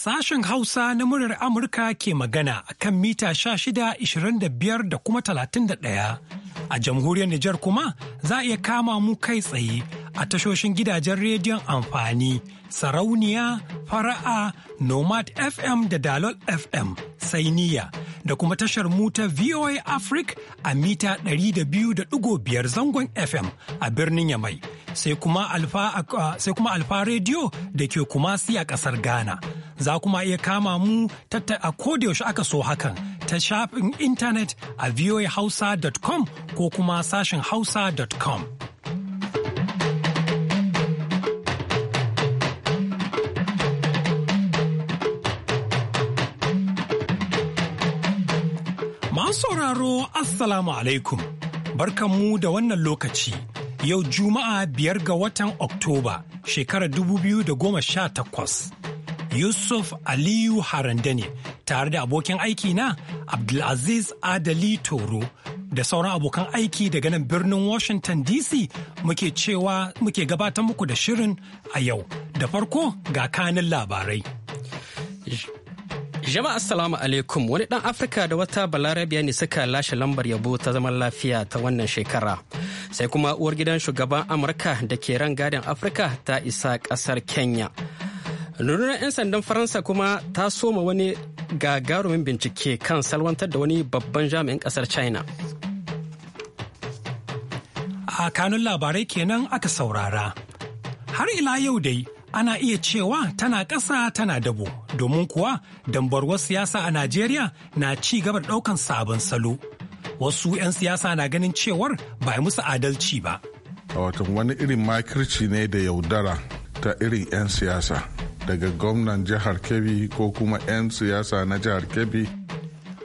Sashen Hausa na muryar Amurka ke magana a kan mita 1625 da kuma talatin da ɗaya A jamhuriyar Nijar kuma za a iya kama mu kai tsaye a tashoshin gidajen rediyon amfani sarauniya fara'a nomad fm da dalol fm Sainiya da kuma tashar muta voa africa a mita 200.5 zangon fm a birnin yamai sai kuma alfa rediyo da ke kuma a kasar ghana za kuma iya kama mu a kodayaushe aka so hakan ta shafin intanet a voahausa.com ko kuma sashen hausa.com Masu sauraro Assalamu alaikum, mu da wannan lokaci yau Juma'a biyar ga watan Oktoba shekarar dubu biyu da goma sha takwas, Yusuf Aliyu Harande ne tare da abokin aiki na Abdulaziz Adali Toro da sauran abokan aiki daga nan birnin Washington DC muke cewa muke gabatar muku da shirin a yau. Da farko ga kanin labarai. Jama'a Assalamu alaikum wani dan Afirka da wata balarabiya ne suka lashe lambar yabo ta zaman lafiya ta wannan shekara. Sai kuma uwar gidan shugaban Amurka da ke ran gadin Afirka ta isa kasar Kenya. Nurunar 'yan sandan Faransa kuma ta soma wani gagarumin bincike kan salwantar da wani babban jami'in kasar China. A kanun labarai kenan aka saurara. Har ila yau dai ana iya cewa tana ƙasa tana dabo domin kuwa dambarwar siyasa a Najeriya na ci gaba da ɗaukan sabon salo. Wasu 'yan siyasa na ganin cewar ba musu adalci ba. Watan wani irin makirci ne da yaudara ta irin 'yan siyasa daga gwamnan jihar Kebbi ko kuma 'yan siyasa na jihar Kebbi.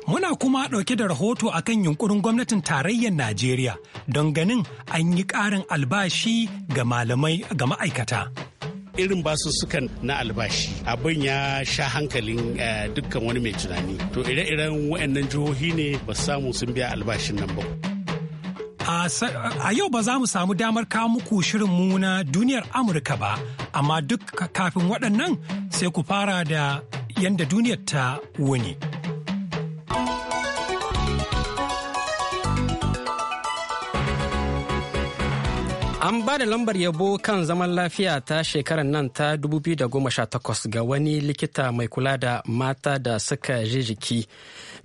Muna kuma ɗauke da rahoto akan kan yunkurin gwamnatin tarayyar Najeriya don ganin an yi ƙarin albashi ga malamai ga ma'aikata. irin basussukan na albashi abin ya sha hankalin eh, dukkan wani mai tunani to ire-iren waɗannan jihohi ne ba samu sun biya albashin nan ba a yau ba za mu samu damar kawo muku shirin mu na duniyar amurka ba amma duk kafin waɗannan sai ku fara da yanda duniyar ta wuni. An ba da lambar yabo kan zaman lafiya ta shekarar nan ta 2018 ga wani likita mai kula da mata da suka je jiki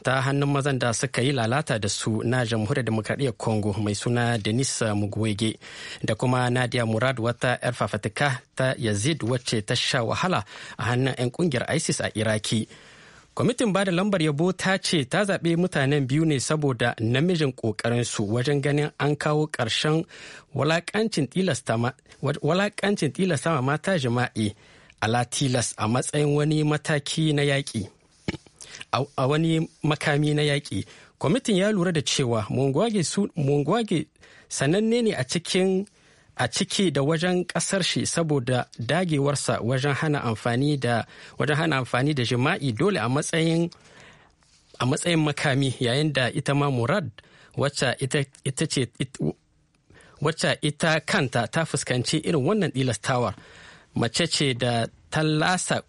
ta hannun mazan da suka yi lalata da su na jamhuriyar demokradiyyar Congo mai suna Denis Mugwege da kuma Nadia Murad wata 'yar fafatika ta Yazid wacce ta sha wahala a hannun 'yan kungiyar ISIS a Iraki. kwamitin bada lambar yabo ta ce ta zaɓe mutanen biyu ne saboda namijin ƙoƙarinsu wajen ganin an kawo ƙarshen walaƙancin tilasta ma mata jima'i a latilas a matsayin wani mataki na yaƙi a wani makami na yaƙi kwamitin ya lura da cewa mungwage sananne ne a cikin a ciki da wajen kasar shi saboda dagewarsa wajen hana amfani da wajen hana amfani da jima'i dole a matsayin a matsayin makami yayin da ita ma murad wacce ita, ita ce wacce ita kanta ta fuskanci irin wannan tilastawar mace ce da tallasa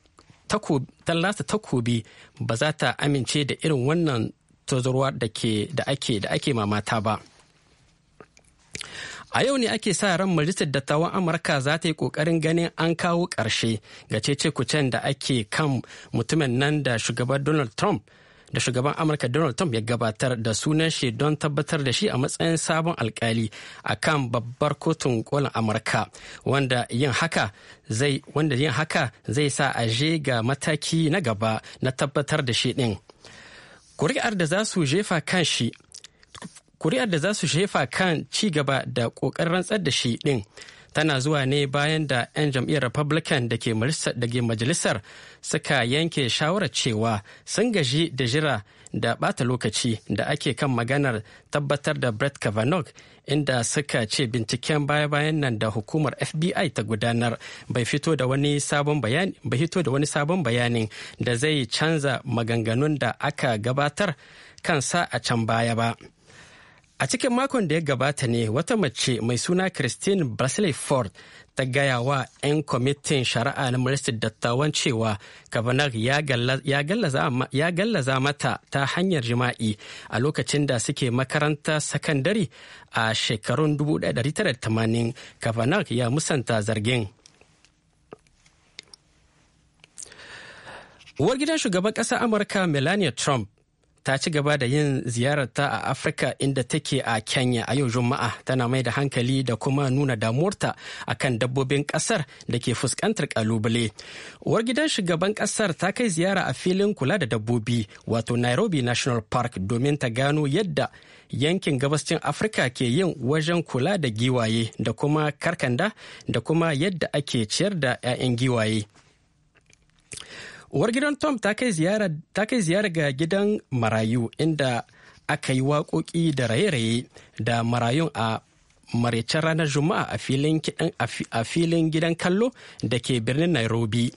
takobi ba za ta amince da irin wannan tozarwa da ake da ake mamata ba A yau ne ake sa ran Majalisar Dattawan Amurka za ta yi ƙoƙarin ganin an kawo ƙarshe ga cece-kucen da ake kan mutumin nan da shugaban Donald Trump da shugaban Amurka Donald Trump ya gabatar da sunan shi don tabbatar da shi a matsayin sabon alkali a kan babbar kotun kolin Amurka wanda yin haka zai wanda yin haka zai sa aje ga mataki na gaba na tabbatar da shi din. Kuri'ar da za su jefa kan shi kuri'ar da za su shefa kan ci gaba da ƙoƙarin rantsar da shi ɗin tana zuwa ne bayan da 'yan jam'iyyar republican da ke majalisar suka yanke shawarar cewa sun gaji da jira da bata lokaci da ake kan maganar tabbatar da brett kavanaugh inda suka ce binciken baya-bayan nan da hukumar fbi ta gudanar bai fito da wani sabon bayani bayanin da zai canza maganganun da aka gabatar kansa a can baya ba. A cikin makon da ya gabata ne wata mace mai suna Christine Blasley Ford ta gaya wa 'yan kwamitin shari'a na Majalisar Dattawan cewa Kavanaugh ya gallaza mata ta hanyar jima'i a lokacin da suke makaranta sakandare a shekarun 1980 Kavanaugh ya musanta zargin. Uwar gidan shugaban ƙasar Amurka Melania Trump ta ci gaba da yin ziyararta a afirka inda take a kenya a yau juma'a tana mai da hankali da kuma nuna a kan dabbobin kasar da ke fuskantar kalubale uwar gidan shugaban kasar ta kai ziyara a filin kula da dabbobi wato nairobi national park domin ta gano yadda yankin gabascin afirka ke yin wajen kula da giwaye da kuma karkanda da kuma yadda ake ciyar da 'ya'yan giwaye uwar gidan tom ta kai ziyara ga gidan marayu inda aka yi waƙoƙi da raye-raye da marayun a maraicen ranar juma'a a filin gidan kallo da ke birnin nairobi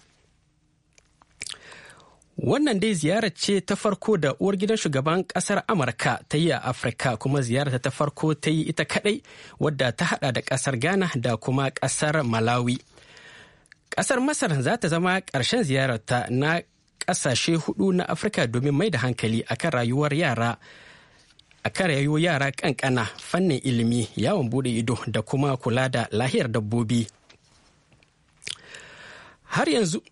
wannan dai ziyara ce ta farko da uwar gidan shugaban kasar amurka ta yi a afirka kuma ziyara ta farko ta yi ita kadai wadda ta hada da kasar ghana da kuma kasar malawi Ƙasar Masar za ta zama ƙarshen ziyararta na ƙasashe hudu na Afirka domin mai da hankali akan rayuwar yara a kan rayuwar yara kankana fannin ilimi yawon bude ido da kuma kula da lahiyar dabbobi har yanzu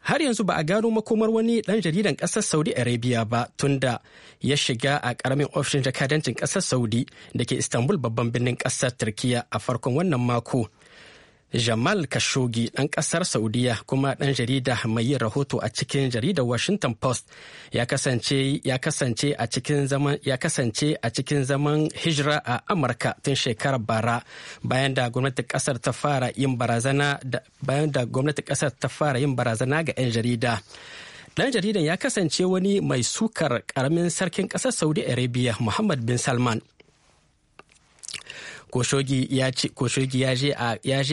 har yanzu ba a gano makomar wani ɗan jaridan ƙasar saudi arabia ba tunda ya shiga a ƙaramin ofishin jakadancin ƙasar saudi da ke istanbul babban birnin ƙasar turkiya a farkon wannan mako Jamal Khashoggi ɗan ƙasar Saudiya kuma ɗan jarida mai yin rahoto a cikin jaridar Washington Post ya kasance ya kasance a cikin zaman ya kasance a cikin zaman hijira a Amurka tun shekarar bara bayan da gwamnatin ƙasar ta fara yin barazana bayan da gwamnatin ƙasar ta fara yin barazana ga 'yan jarida. Ɗan jaridan ya kasance wani mai sukar ƙaramin sarkin ƙasar Saudi Arabia Muhammad bin Salman Koshogi ya je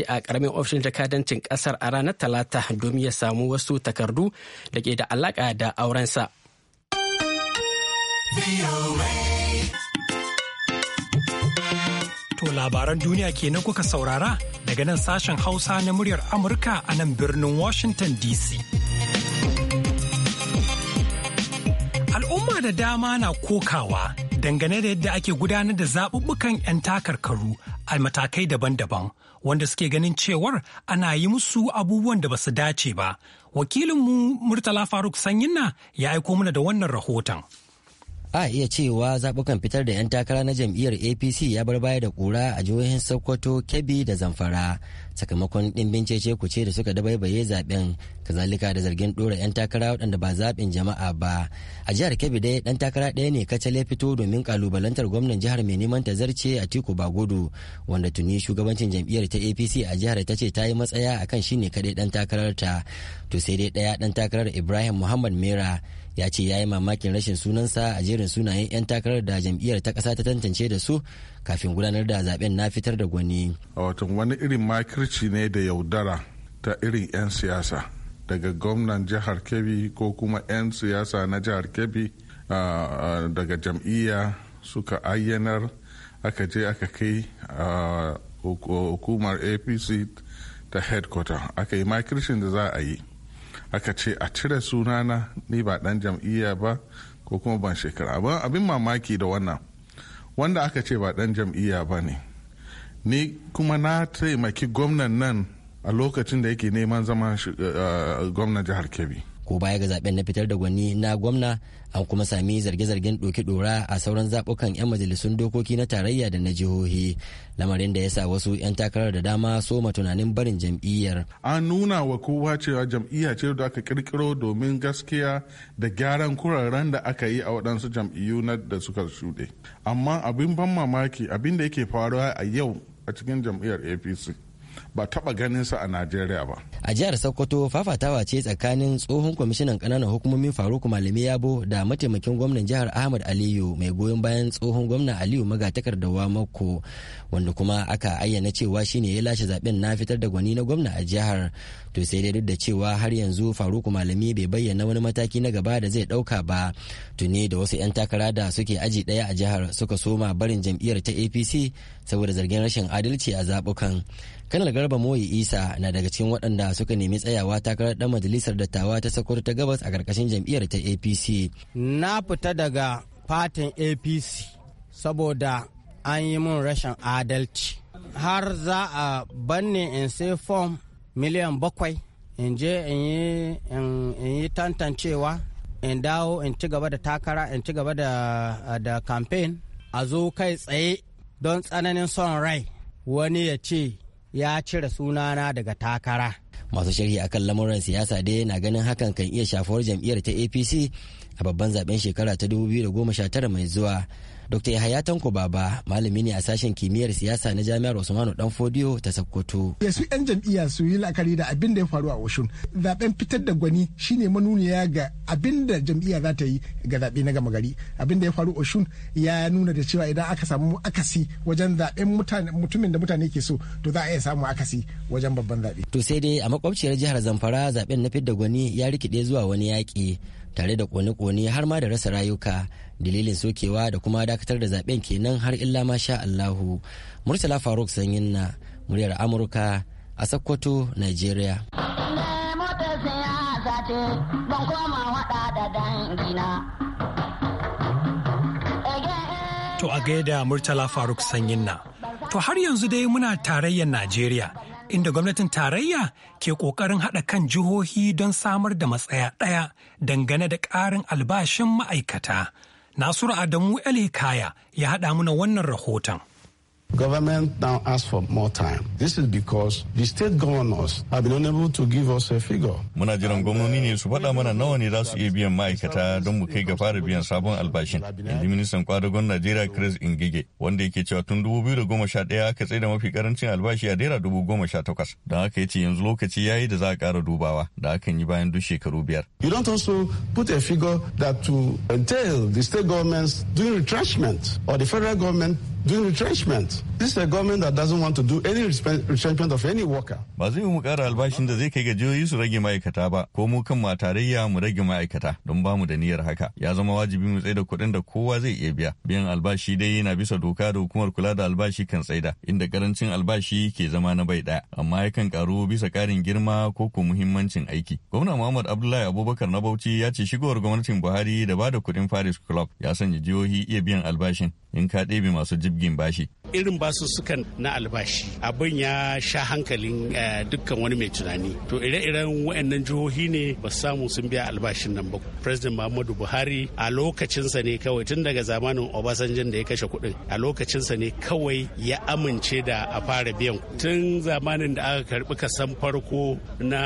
a karamin ofishin jakadancin kasar a ranar Talata domin ya samu wasu takardu da ke da alaka da aurensa. To labaran duniya kenan kuka saurara daga nan sashen Hausa na muryar Amurka a nan birnin Washington DC. Al'umma da dama na kokawa dangane da yadda ake gudanar da zaɓuɓɓukan 'yan takarkaru a matakai daban-daban wanda suke ganin cewar ana yi musu abubuwan da ba su dace ba wakilinmu murtala faruk sanyinna ya aiko mana da wannan rahoton. a iya cewa zaɓukan fitar da 'yan takara na jam'iyyar apc ya bar baya da kura a jihohin sokoto kebbi da zamfara sakamakon ɗimbin cece kuce da suka dabaibaye zaben kazalika da zargin ɗora 'yan takara waɗanda ba zaɓin jama'a ba a jihar kebbi dai ɗan takara ɗaya ne kacal ya fito domin kalubalantar gwamnan jihar mai neman ta zarce a tiku bagudu wanda tuni shugabancin jam'iyyar ta apc a jihar ta ce ta yi matsaya akan shine kaɗai ɗan takararta to sai dai ɗaya ɗan takarar ibrahim muhammad mera ya ce ya yi mamakin rashin sunansa a jerin sunayen 'yan takarar da jam'iyyar ta ƙasa ta tantance da su kafin gudanar da zaben na fitar da gwani. a watan wani irin makirci ne da yaudara ta irin 'yan siyasa daga gwamnan jihar kebbi ko kuma 'yan siyasa na jihar kebbi daga jam'iyya suka ayyanar aka je aka kai hukumar apc ta headquarter aka yi makircin da za a yi aka ce a cire sunana ni ba dan jam'iyya ba ko kuma ban shekara abin mamaki da wannan wanda aka ce ba dan jam'iyya ba ne ni kuma na taimaki gwamnan nan a lokacin da yake neman zama eh, eh, gwamnan jihar kebbi ko baya ga zaben na fitar da gwani na gwamna an kuma sami zarge-zargen ɗoki ɗora a sauran zaɓukan 'yan majalisun dokoki na tarayya da na jihohi lamarin da ya sa wasu 'yan takarar da dama soma tunanin barin jam'iyyar an nuna wa kowa cewa jam'iyya ce da aka kirkiro domin gaskiya da gyaran kuraren da aka yi a waɗansu jam'iyyu na da suka shuɗe amma abin ban mamaki abin da yake faruwa a yau a cikin jam'iyyar apc ba taba ganin sa a najeriya ba a jihar sokoto fafatawa ce tsakanin tsohon kwamishinan kananan hukumomin faruk malami yabo da mataimakin gwamnan jihar ahmad aliyu mai goyon bayan tsohon gwamnan aliyu magatakardawa mako wanda kuma aka ayyana cewa shine ya lashe zaben na fitar da gwani na gwamna a jihar to sai dai duk da cewa har yanzu faruku malami bai bayyana wani mataki na gaba da zai dauka ba tuni da wasu 'yan takara da suke aji daya a jihar suka soma barin jam'iyyar ta apc saboda zargin rashin adalci a zabukan kanal garba moyi isa na daga cikin waɗanda suka nemi tsayawa takarar ɗan majalisar dattawa ta sakwar ta gabas a ƙarƙashin jam'iyyar ta apc na fita daga fatin apc saboda an yi mun rashin adalci har za a banne in sai fom miliyan bakwai in je in yi tantancewa in dawo in ci gaba da takara in ci gaba da campaign a zo kai tsaye don tsananin son rai wani ya ce ya cire sunana daga takara. Masu sharhi akan lamuran siyasa dai na ganin hakan kan iya shafuwar jam'iyyar ta APC a babban zaben shekara ta 2019 mai zuwa Dr. Yahaya Tanko Baba malami ne a sashen kimiyyar siyasa na Jami'ar Usmanu Danfodiyo ta Sokoto. Ya su 'yan jam'iyya su yi la'akari da abin da ya faru a Oshun. Zaben fitar da gwani shine manuniya ga abin da jam'iyya za ta yi ga zaɓe na gama gari. Abin da ya faru Oshun ya nuna da cewa idan aka samu akasi wajen zaben mutumin da mutane ke so to za a iya samu akasi wajen babban zaɓe. To sai dai a makwabciyar jihar Zamfara zaben na fitar da gwani ya rikide zuwa wani yaƙi. tare da kone-kone har ma da rasa rayuka dalilin sokewa da kuma dakatar da zaben kenan har illa ma sha Allahu Murtala Faruk Sanyin na muryar Amurka a Sokoto Nigeria To a gaida Murtala Faruk Sanyin na. To har yanzu dai muna tarayyar Najeriya inda gwamnatin tarayya ke ƙoƙarin haɗa kan jihohi don samar da matsaya ɗaya dangane da ƙarin albashin ma'aikata. Nasiru Adamu Ali Kaya ya haɗa mana wannan rahoton. Government now asks for more time. This is because the state governors have been unable to give us a figure. Muna jiran gwamnoni ne su faɗa mana nawa ne za su iya biyan ma'aikata don mu kai ga fara biyan sabon albashin. Inji ministan kwadagon Najeriya Chris Ingige wanda yake cewa tun 2011 aka tsaye da mafi karancin albashi a naira 2018. Don haka ya ce yanzu lokaci yayi da za a ƙara dubawa da hakan yi bayan duk shekaru biyar. You don't also put a figure that to entail the state governments doing retrenchment or the federal government doing retrenchment. government. This is a government that doesn't want to do any retrenchment of any worker. Ba zai mu kara albashin da zai kai gajiyoyi su rage ma'aikata ba, ko mu kan tarayya mu rage ma'aikata don ba mu da niyyar haka. Ya zama wajibi mu tsaida kuɗin da kowa zai iya biya. Biyan albashi dai yana bisa doka da hukumar kula da albashi kan tsaida, inda karancin albashi ke zama na bai ɗaya, amma yakan karu bisa ƙarin girma ko ko muhimmancin aiki. Gwamna Muhammad Abdullahi Abubakar na Bauchi ya ce shigowar gwamnatin Buhari da ba da kuɗin Paris Club ya sanya jihohi iya biyan albashin in ka ɗebe masu jibgin bashi. irin basussukan na albashi abin ya sha hankalin eh, dukkan wani mai tunani to ire-iren waɗannan jihohi ne ba samu sun biya albashin nan ba president muhammadu buhari a lokacinsa ne kawai tun daga zamanin obasanjan da ya kashe kuɗin a lokacinsa ne kawai ya amince da a fara biyan tun zamanin da aka karbi kasan farko na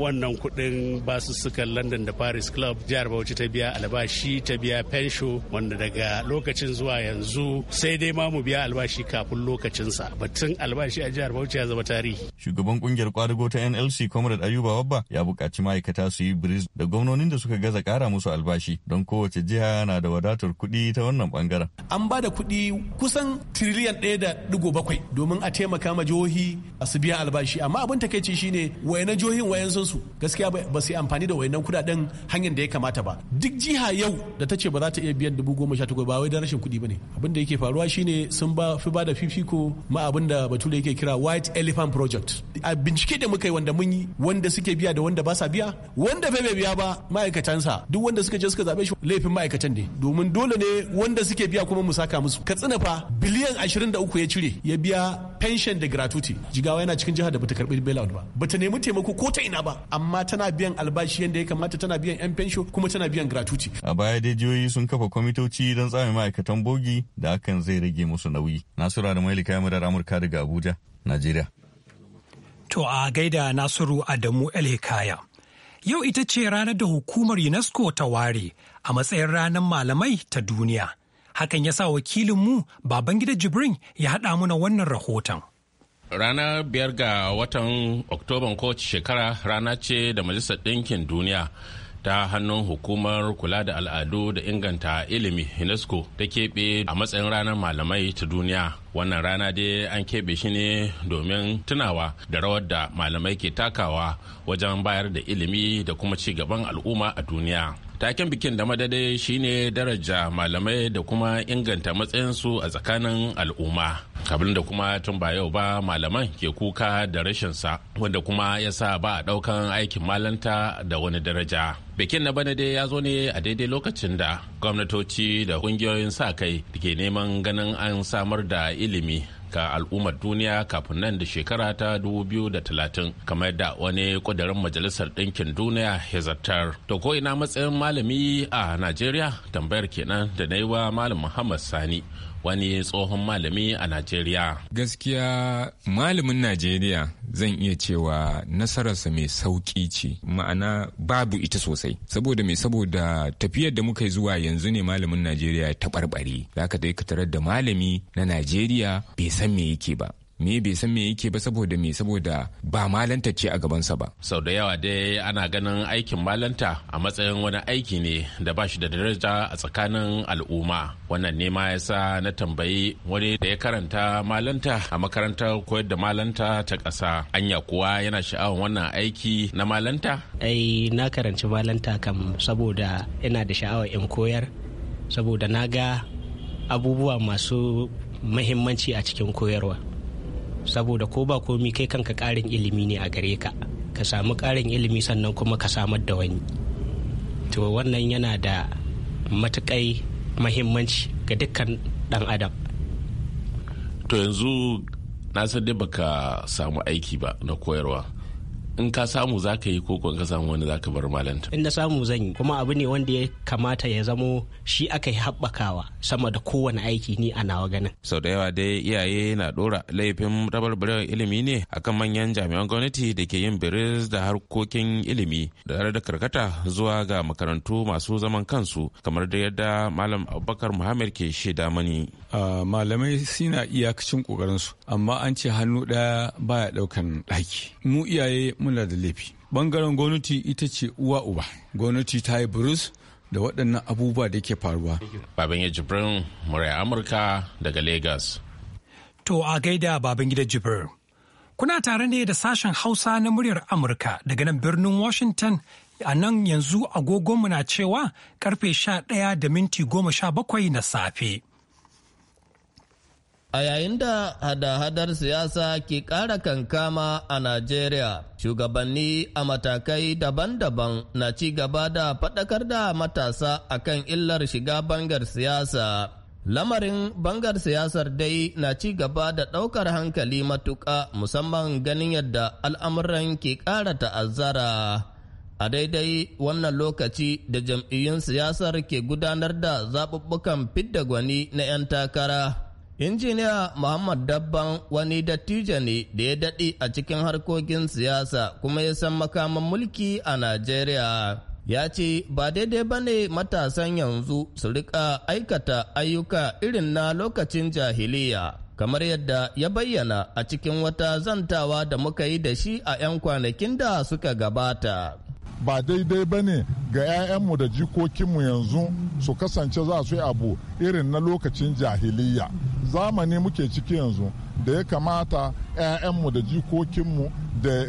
wannan kuɗin basussukan london da paris club jihar bauchi ta biya albashi ta biya fensho wanda daga lokacin zuwa yanzu sai dai ma mu biya albashi kafin lokacinsa batun albashi a jihar bauchi ya zama tarihi shugaban kungiyar kwadago ta nlc comrade ayuba wabba ya bukaci ma'aikata su yi bris da gwamnonin da suka gaza kara musu albashi don kowace jiha na da wadatar kuɗi ta wannan bangaren an ba da kuɗi kusan tiriliyan ɗaya da digo bakwai domin a taimaka ma jihohi a su biya albashi amma abin takaici shine wayanan jihohin wayan su gaskiya ba su yi amfani da wayanan kuɗaɗen hanyar da ya kamata ba duk jiha yau da ta ce ba za ta iya biyan dubu goma sha takwas ba wai da rashin kuɗi ba ne abin da yake faruwa shine sun ba fi ba ba da fifiko ma abin da bature yake kira white elephant project a bincike da muka yi wanda mun yi wanda suke biya da wanda ba sa biya wanda fa bai biya ba ma'aikatansa duk wanda suka je suka zabe shi laifin ma'aikatan ne domin dole ne wanda suke biya kuma mu saka musu katsina fa biliyan 23 ya cire ya biya pension da gratuity jigawa yana cikin jihar da bata karbi bailout ba bata nemi taimako ko ta ina ba amma tana biyan albashi yanda ya kamata tana biyan yan pension kuma tana biyan gratuity a baya dai jihohi sun kafa kwamitoci don tsamin ma'aikatan bogi da hakan zai rage musu nauyi na Nasiru da ya murar Amurka daga Abuja, Najeriya. To a gaida Nasiru Adamu El Hikaya. Yau ita ce ranar da hukumar UNESCO ta ware a matsayin ranar malamai ta duniya. Hakan ya sa wakilinmu gida Jibrin ya haɗa muna wannan rahoton. Ranar biyar ga watan Oktoban kowace shekara rana ce da Majalisar Ɗinkin Duniya ta hannun hukumar kula da al'adu da inganta ilimi unesco ta keɓe a matsayin ranar malamai ta duniya wannan rana dai an keɓe shi ne domin tunawa da rawar da malamai ke takawa wajen bayar da ilimi da kuma ci gaban al'umma a duniya taken bikin da madadai shine daraja malamai da kuma inganta matsayinsu a tsakanin al'umma abin da kuma tun ba yau ba malaman ke kuka da rashinsa wanda kuma ya sa ba a ɗaukan aikin malanta da wani daraja bikin na bana dai ya zo ne a daidai lokacin da gwamnatoci da ƙungiyoyin sa kai ke neman ganin an samar da ilimi ga al'ummar duniya kafin nan da shekara ta 2030 kamar da wani kudurin majalisar ɗinkin duniya ya zartar to ko ina matsayin malami a najeriya tambayar kenan da na yi wa malam muhammad sani wani tsohon malami a Najeriya. Gaskiya malamin Najeriya zan iya cewa nasararsa mai sauƙi ce ma'ana babu ita sosai saboda mai saboda tafiyar da muka yi zuwa yanzu ne malamin Najeriya ya taɓarɓare za ka dai ka da malami na Najeriya bai san me yake ba me bai san me yake ba saboda me saboda ba malanta ce a gabansa ba sau da yawa dai ana ganin aikin malanta a matsayin wani aiki ne da ba shi da daraja a tsakanin al'umma wannan ne ma yasa na tambayi wani da ya karanta malanta a makarantar koyar da malanta ta ƙasa anya kuwa yana sha'awar wannan aiki na malanta ai na karanci malanta kam saboda ina da sha'awar in koyar saboda na ga abubuwa masu mahimmanci a cikin koyarwa saboda ko ba komi kai kanka ƙarin ilimi ne a gare ka ka samu karin ilimi sannan kuma ka samar da wani to wannan yana da matakai mahimmanci ga dukkan dan adam to yanzu na san dai baka samu aiki ba na koyarwa in ka samu za ka yi koko in ka samu wani za ka bar malanta in na samu zan yi kuma abu ne wanda ya kamata ya zamo shi aka yi haɓakawa sama da kowane aiki ni a nawa ganin sau da yawa dai iyaye na ɗora laifin rabarbarewar ilimi ne akan manyan jami'an gwamnati da ke yin biris da harkokin ilimi da tare da karkata zuwa ga makarantu masu zaman kansu kamar da yadda malam abubakar muhammad ke shaida mani malamai suna iyakacin ƙoƙarinsu amma an ce hannu ɗaya baya ɗaukan ɗaki mu iyaye muna da laifi bangaren gwamnati ita ce uwa uba gwamnati ta yi burus da waɗannan abubuwa da ke faruwa baban ya jibrin murai amurka daga Legas. to a gaida baban gida jibrin kuna tare ne da sashen hausa na muryar amurka daga nan birnin washington a nan yanzu agogonmu na cewa karfe sha 11 da minti goma sha-bakwai na safe A yayin da hada-hadar siyasa ke ƙara kankama a Najeriya, shugabanni a matakai daban-daban na ci gaba da faɗakar da matasa a kan illar shiga bangar siyasa. Lamarin bangar siyasar dai na ci gaba da ɗaukar hankali matuƙa musamman ganin yadda al'amuran ke ƙara ta'azzara. a daidai wannan lokaci da jam'iyyun siyasar ke gudanar da zaɓuɓɓukan fidda gwani na 'yan takara Injiniya Muhammad Dabban wani dattijo ne da ya daɗe a cikin harkokin siyasa kuma ya san makaman mulki a Najeriya. Ya ce ba daidai ba ne matasan yanzu su rika aikata ayyuka irin na lokacin jahiliya. kamar yadda ya bayyana a cikin wata zantawa da muka yi da shi a 'yan kwanakin da suka gabata. ba daidai ba ne ga 'ya'yanmu da jikokinmu yanzu su kasance za su yi abu irin na lokacin jahiliya zamani muke ciki yanzu da ya kamata 'ya'yanmu da jikokinmu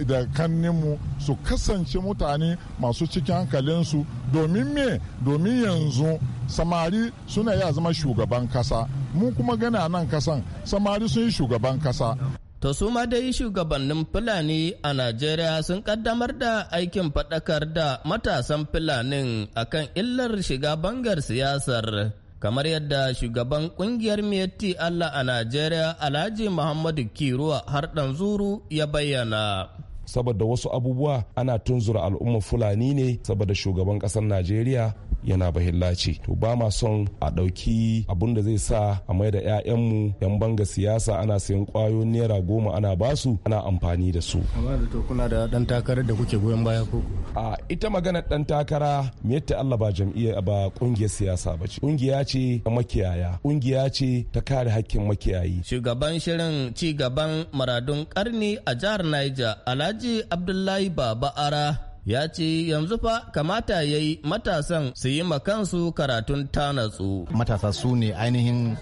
da kanninmu su kasance mutane masu cikin hankalinsu domin me domin yanzu samari suna iya zama shugaban kasa mu kuma gana nan kasan samari sun yi shugaban kasa To su ma dai shugabannin Fulani a Najeriya sun kaddamar da aikin faɗakar da matasan Fulanin akan illar shiga bangar siyasar. Kamar yadda shugaban kungiyar Miyetti Allah a Najeriya Alhaji Muhammadu Kiruwa har zuru ya bayyana. saboda wasu abubuwa ana tunzura al'umma fulani ne saboda shugaban kasar najeriya yana bahillaci to ba ma son a ɗauki abun da zai sa a mai da 'ya'yanmu 'yan banga siyasa ana sayan kwayoyin naira goma ana basu ana amfani da su amma da to kuna da ɗan takarar da kuke goyon baya ko a ita magana ɗan takara me yadda Allah ba jam'iyya ba ƙungiyar siyasa ba ce ƙungiya ce ta makiyaya ƙungiya ce ta kare hakkin makiyayi shugaban shirin ci gaban maradun karni a jihar Niger Alhaji Alhaji Abdullahi Baba Ara ya ce yanzu fa kamata ya yi matasan su yi makansu karatun tanatsu. Matasa su ne ainihin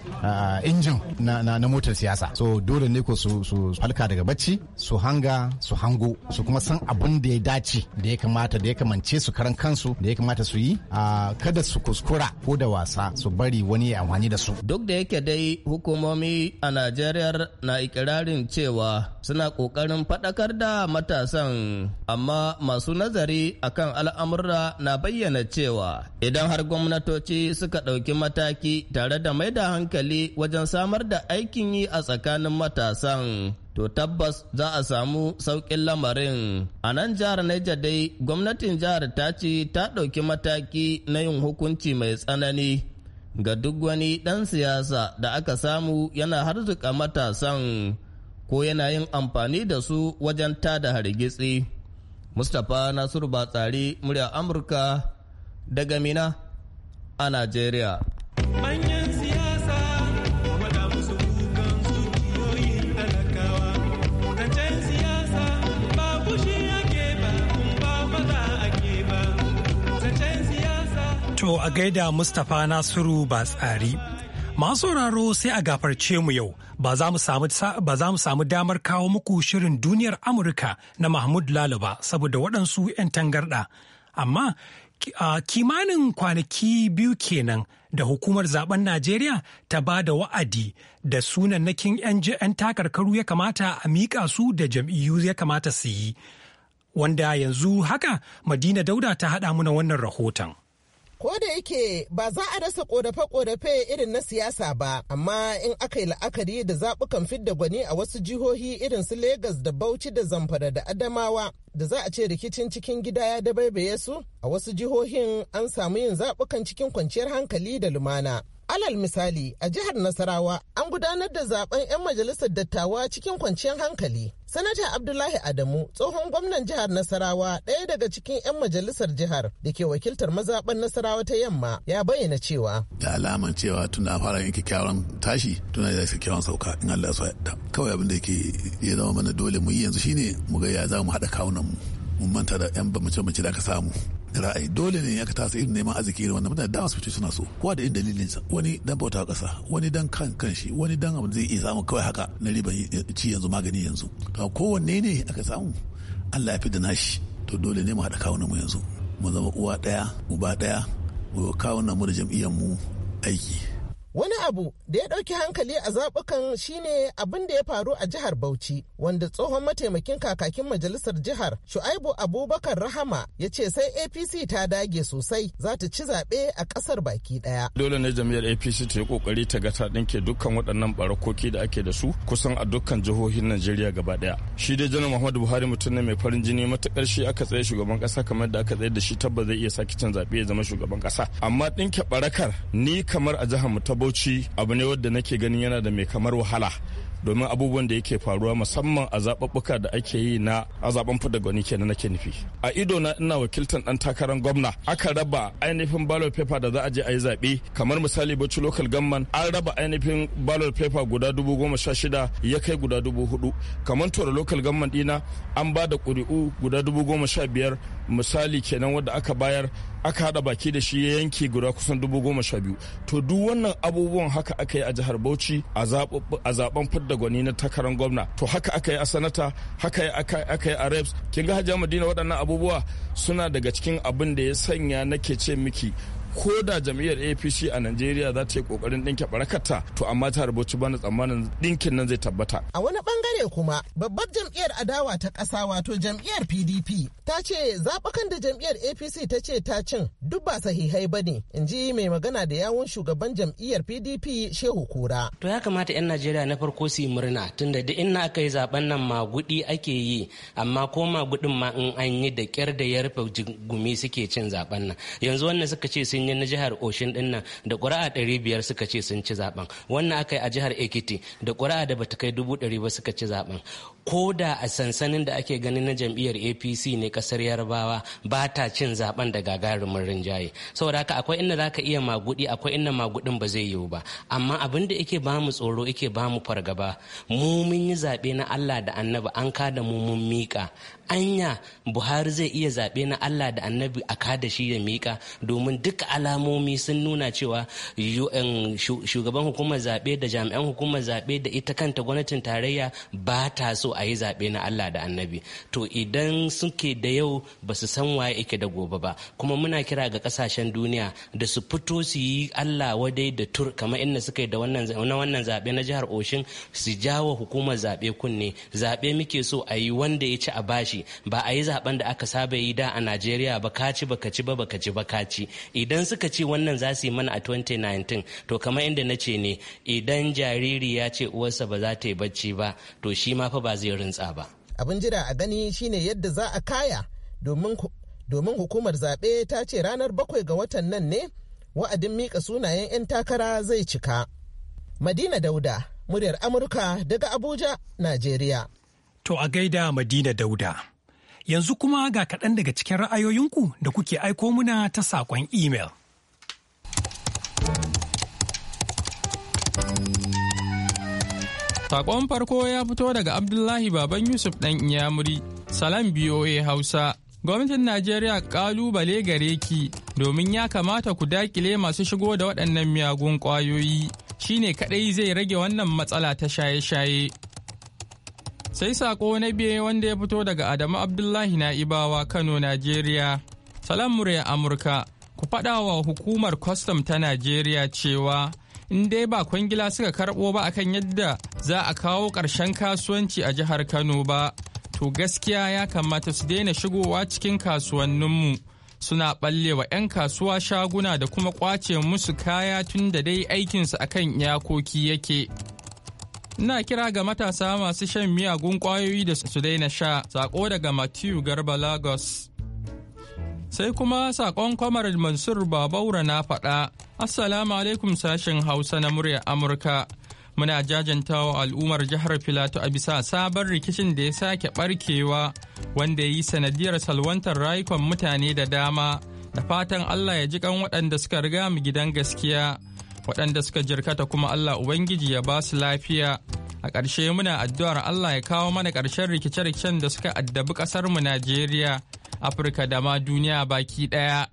injin na, motar siyasa. So dole ne ko su, halka daga bacci, su hanga, su hango, su kuma san abin da ya dace da ya kamata da ya kamance su karan kansu da ya kamata su yi. kada su kuskura ko da wasa su bari wani ya amfani da su. Duk da yake dai hukumomi a Najeriya na ikirarin cewa suna ƙoƙarin faɗakar da matasan amma masu nazari akan al'amurra na bayyana cewa idan har gwamnatoci suka ɗauki mataki tare da mai da hankali wajen samar da aikin yi a tsakanin matasan to tabbas za a samu sauƙin lamarin. A nan jihar Niger dai gwamnatin jihar ta ce ta ɗauki mataki na yin hukunci mai tsanani ga duk wani ɗan siyasa da aka samu yana harzuka matasan ko yana yin amfani da su wajen tada hargitsi. Mustapha Nasiru Batsari murya Amurka daga Mina a Najeriya. To a gaida Mustapha Nasiru Batsari. Masu sauraro sai a gafarce mu yau. ba za mu samu damar kawo muku shirin duniyar Amurka na Mahmud lalu ba saboda waɗansu 'yan tangarɗa. Amma kimanin kwanaki biyu kenan da hukumar zaben Najeriya ta ba da wa'adi da sunan sunannakin 'yan takarkaru ya kamata a miƙa su da jam'iyyu ya kamata su yi. Wanda yanzu haka Madina Dauda ta haɗa muna wannan rahoton. Ko da yake ba za a rasa ƙorafe-ƙorafe irin na siyasa ba, amma in aka yi la'akari da zaɓukan fidda gwani a wasu jihohi irin su Legas da Bauchi da Zamfara da Adamawa da za a ce rikicin cikin gida ya dabaibaye su, a wasu jihohin an samu yin zaɓukan cikin kwanciyar hankali da lumana. Alal misali a jihar Nasarawa an gudanar da zaben 'yan majalisar dattawa cikin kwanciyar hankali. Sanata Abdullahi Adamu tsohon gwamnan jihar Nasarawa ɗaya daga cikin 'yan majalisar jihar da ke wakiltar mazaɓen Nasarawa ta yamma ya bayyana cewa. Da alaman cewa tun da fara yin kyakkyawan tashi tun da kyakkyawan sauka in Allah ya Kawai abin da ke ya zama mana dole mu yi yanzu shine mu ga ya za mu haɗa kawunan mu. mun manta da yan bambance bambance da aka samu ra'ayi dole ne aka tasa irin neman arziki irin wannan mutane dama su fito suna so kowa da irin sa wani dan bauta kasa wani dan kan kanshi wani dan abu zai iya samu kawai haka na riba ci yanzu magani yanzu to kowanne ne aka samu Allah ya fi da nashi to dole ne mu haɗa kawunan mu yanzu mu zama uwa ɗaya uba ɗaya mu kawunan mu da jam'iyyar mu aiki Wani abu da ya ɗauki hankali a zaɓukan shine abin da ya faru a jihar Bauchi, wanda tsohon mataimakin kakakin majalisar jihar Shu'aibu Abubakar Rahama ya ce sai APC ta dage sosai za ta ci zaɓe a ƙasar baki ɗaya. Dole ne jami'ar APC ta yi ƙoƙari ta ga ta ɗinke dukkan waɗannan barakoki da ake da su kusan a dukkan jihohin Najeriya gaba ɗaya. Shi dai Janar Muhammadu Buhari mutum ne mai farin jini matuƙar shi aka tsaye shugaban ƙasa kamar da aka tsaye da shi tabbas zai iya sake cin zaɓe ya zama shugaban ƙasa. Amma ɗinke barakar ni kamar a jihar mu bauchi abu ne wadda nake ganin yana da mai kamar wahala domin abubuwan da yake faruwa musamman a zaɓuɓɓuka da ake yi na a zaɓen gwani kenan nake nufi a ido na ina wakiltar ɗan takarar gwamna aka raba ainihin ballot paper da za a je a yi zaɓe kamar misali bacci local government an raba ainihin ballot paper guda dubu goma sha shida ya kai guda dubu hudu kamar tora local government dina an ba da ƙuri'u guda dubu goma sha biyar misali kenan wadda aka bayar aka hada baki da shi ya yanke guda kusan dubu goma sha biyu to duk wannan abubuwan haka aka yi a jihar bauchi a zaben fidda gwani na takarar gwamna to haka aka yi a sanata haka aka yi a reps kin ga hajiya madina waɗannan abubuwa suna daga cikin abin da ya sanya nake ce miki ko da jam'iyyar apc a najeriya za ta yi kokarin ɗinke barakata to amma ta rubuci bana tsammanin ɗinkin nan zai tabbata a wani bangare kuma babbar jam'iyyar adawa ta kasa wato jam'iyyar pdp ta ce zaɓakan da jam'iyyar apc ta ce ta cin duk ba sahihai ba ne in ji mai magana da yawun shugaban jam'iyyar pdp shehu kura to ya kamata 'yan najeriya na farko su yi murna tunda da na aka yi zaben nan magudi ake yi amma ko magudin ma in an yi da kyar da ya rufe gumi suke cin zaben nan yanzu wannan suka ce sun yi na jihar oshin din nan da ƙuri'a ɗari biyar suka ce sun ci zaben wannan aka yi a jihar ekiti da ƙuri'a da bata kai dubu ɗari ba suka ci zaben ko da a sansanin da ake ganin na jam'iyyar apc ne ƙasar yarbawa ba ta cin zaɓen da gagarumin rinjaye saboda haka akwai inda za ka iya magudi akwai inda magudin ba zai yiwu ba amma abin da yake ba mu tsoro yake ba mu fargaba mu mun yi zaɓe na allah da annabi an ka da mu mun miƙa anya buhari zai iya zaɓe na allah da annabi a ka da shi ya miƙa domin duka alamomi sun nuna cewa shugaban hukumar zaɓe da jami'an hukumar zaɓe da ita kanta gwamnatin tarayya ba ta so a yi zaɓe na Allah da annabi to idan suke da yau ba su san waye yake da gobe ba kuma muna kira ga kasashen duniya da su fito su yi Allah wadai da tur kamar inda suka yi da wannan wannan zaɓe na jihar Oshin su jawo hukumar zaɓe kunne zaɓe muke so a yi wanda ya ci a bashi ba a yi zaɓen da aka saba yi da a Najeriya ba ka ci ba ka ci ba ka ci ba ka ci idan suka ce wannan za su yi mana a 2019 to kamar inda na ce ne idan jariri ya ce uwarsa ba za ta yi bacci ba to shi ma fa ba zai rintsa ba abin jira a gani shine yadda za a kaya domin hukumar zaɓe ta ce ranar bakwai ga watan nan ne wa'adin mika sunayen 'yan takara zai cika madina dauda muryar amurka daga abuja najeriya to a gaida madina dauda Yanzu kuma ga kaɗan daga cikin ra'ayoyinku da kuke aiko muna ta saƙon imel. saƙon farko ya fito daga Abdullahi Baban Yusuf ɗan Iyamuri, Salam BOA Hausa. Gwamnatin Najeriya ƙalubale gare ki domin ya kamata ku dakile masu shigo da waɗannan miyagun ƙwayoyi. shine ne kaɗai zai rage wannan matsala ta shaye-shaye. sai sako na biye wanda ya fito daga adamu abdullahi naibawa kano najeriya salam murya amurka ku faɗa wa hukumar kwastam ta najeriya cewa in dai ba kwangila suka karɓo ba akan yadda za a kawo ƙarshen kasuwanci a jihar kano ba to gaskiya ya kamata su daina shigowa cikin kasuwanninmu suna ɓalle wa 'yan kasuwa shaguna da kuma ƙwace musu kaya tun da dai aikinsu akan iyakoki yake. Ina kira ga matasa masu shan miyagun ƙwayoyi da su daina sha, sako daga Matthew Garba Lagos. Sai kuma sakon kwamar Mansur Babaura na faɗa, Assalamu alaikum sashen Hausa na muryar Amurka. Muna jajantawa al'ummar jihar Filato a bisa sabon rikicin da ya sake barkewa wanda ya yi sanadiyar salwantar rayukan mutane da dama, da fatan Allah ya ji kan waɗanda suka riga mu gidan gaskiya. waɗanda suka jirkata kuma Allah Ubangiji ya ba su lafiya. A ƙarshe muna addu'ar Allah ya kawo mana ƙarshen rikice-rikicen da suka addabi ƙasarmu Najeriya, Afirka da ma duniya baki ɗaya.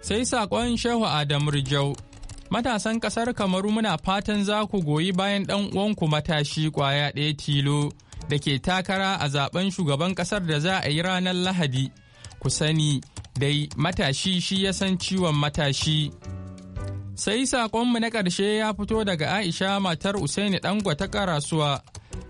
Sai saƙon Shehu Adamu Rijau. Matasan ƙasar Kamaru muna fatan za ku goyi bayan ɗan uwanku matashi ƙwaya ɗaya tilo da ke takara a zaben shugaban ƙasar da za a yi ranar Lahadi. Ku sani dai matashi shi ya san ciwon matashi. Sai saƙonmu na ƙarshe ya fito daga Aisha matar Usaini ɗan ta karasuwa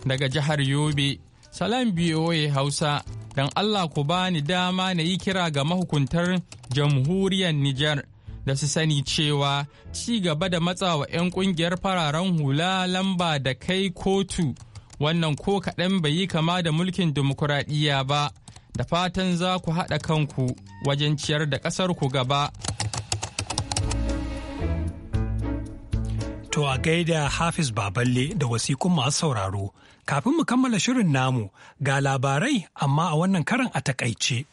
daga jihar Yobe. Salam biyoye Hausa, don Allah ku ba ni dama na yi kira ga mahukuntar jamhuriyar Nijar da su sani cewa ci gaba da matsawa 'yan ƙungiyar fararen hula lamba da kai kotu wannan ko kaɗan bai yi kama da mulkin dimokuraɗiyya ba da fatan za ku haɗa kanku wajen ciyar da ƙasar ku gaba To a gaida Hafiz Baballe da wasikun masu sauraro, kafin mu kammala shirin namu ga labarai amma a wannan karan a takaice.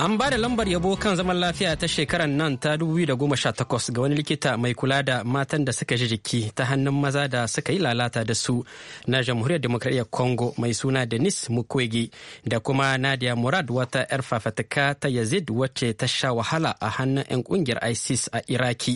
An ba da lambar yabo kan zaman lafiya ta shekarar nan ta 2018 ga wani likita mai kula da matan da suka ji jiki ta hannun maza da suka yi lalata da su na jamhuriyar demokradiyyar Congo mai suna Denis Mukwege da kuma Nadia Murad wata 'yar fafatuka ta Yazid wacce ta sha wahala a hannun 'yan kungiyar ISIS a Iraki.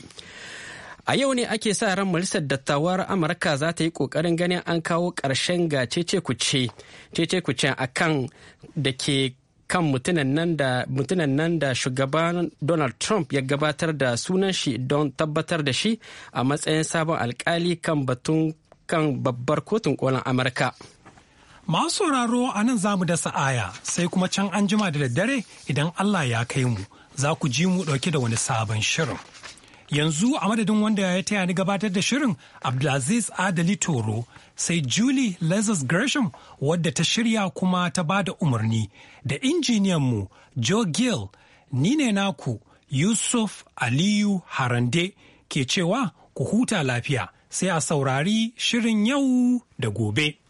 A yau ne ake sa ran Majalisar Dattawar Amurka za ta yi ƙoƙarin ganin an kawo ƙarshen ga cece kuce, cece kucen akan da ke kan mutunan nan da shugaban donald trump ya gabatar da sunan shi don tabbatar da shi a matsayin sabon alkali kan batun kan babbar kotun kolin amurka masu sauraro a nan za mu dasa aya sai kuma can an jima da daddare idan allah ya kai mu za ku ji mu dauke da wani sabon shirin yanzu a madadin wanda ya taya ni gabatar da shirin abdulaziz adali toro sai julie lazarus gresham wadda ta shirya kuma ta ba da umarni da injiniyanmu Joe Gill ni ne naku Yusuf Aliyu Harande ke cewa ku huta lafiya sai a saurari shirin yau da gobe.